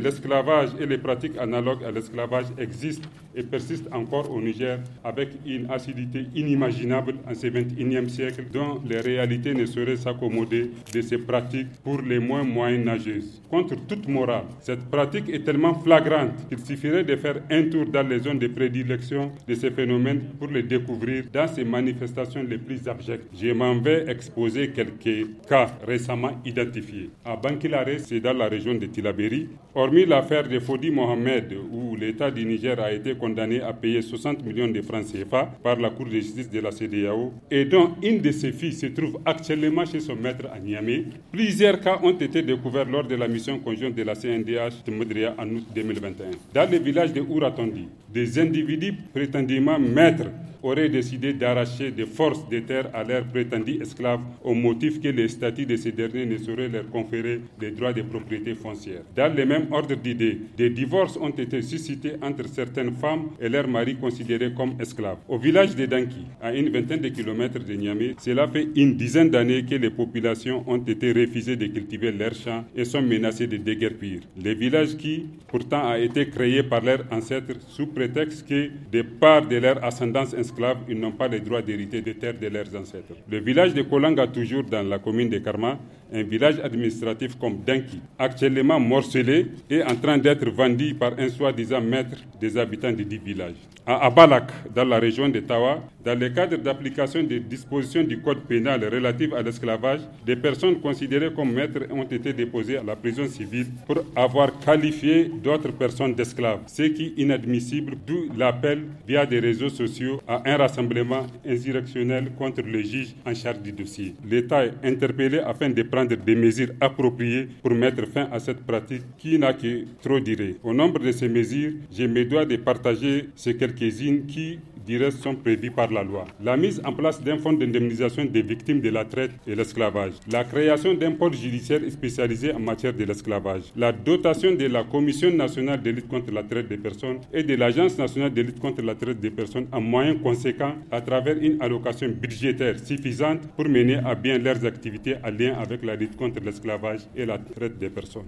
L'esclavage et les pratiques analogues à l'esclavage existent et persiste encore au Niger avec une acidité inimaginable en ce 21e siècle dont les réalités ne sauraient s'accommoder de ces pratiques pour les moins moyennes nageuses. Contre toute morale, cette pratique est tellement flagrante qu'il suffirait de faire un tour dans les zones de prédilection de ces phénomènes pour les découvrir dans ces manifestations les plus abjectes. Je m'en vais exposer quelques cas récemment identifiés. À Bankilare, c'est dans la région de Tilaberi. Hormis l'affaire de Fodi Mohamed où l'État du Niger a été condamné à payer 60 millions de francs CFA par la Cour de justice de la CDAO et dont une de ses filles se trouve actuellement chez son maître à Niamey. Plusieurs cas ont été découverts lors de la mission conjointe de la CNDH de Modria en août 2021. Dans le village de Ouratondi, des individus prétendument maîtres auraient décidé d'arracher des forces des terres à leurs prétendus esclaves au motif que les statuts de ces derniers ne sauraient leur conférer des droits de propriété foncière. Dans le même ordre d'idées, des divorces ont été suscités entre certaines femmes et leurs maris considérés comme esclaves. Au village de Danki, à une vingtaine de kilomètres de Niamey, cela fait une dizaine d'années que les populations ont été refusées de cultiver leurs champs et sont menacées de déguerpir. Le village qui, pourtant, a été créé par leurs ancêtres sous prétexte que, des parts de leur ascendance esclaves, ils n'ont pas le droit d'hériter des terres de leurs ancêtres. Le village de Kolanga, toujours dans la commune de Karma, un village administratif comme Denki, actuellement morcelé et en train d'être vendu par un soi-disant maître des habitants de dix villages. À Abalak, dans la région de Tawa, dans le cadre d'application des dispositions du code pénal relatives à l'esclavage, des personnes considérées comme maîtres ont été déposées à la prison civile pour avoir qualifié d'autres personnes d'esclaves, ce qui est inadmissible, d'où l'appel via des réseaux sociaux à un rassemblement insurrectionnel contre le juge en charge du dossier. L'État est interpellé afin de prendre des mesures appropriées pour mettre fin à cette pratique qui n'a que trop duré. Au nombre de ces mesures, je me dois de partager ces quelques-unes qui directs sont prévus par la loi. La mise en place d'un fonds d'indemnisation des victimes de la traite et l'esclavage. La création d'un pôle judiciaire spécialisé en matière de l'esclavage. La dotation de la Commission nationale de lutte contre la traite des personnes et de l'Agence nationale de lutte contre la traite des personnes en moyens conséquents à travers une allocation budgétaire suffisante pour mener à bien leurs activités en lien avec la lutte contre l'esclavage et la traite des personnes.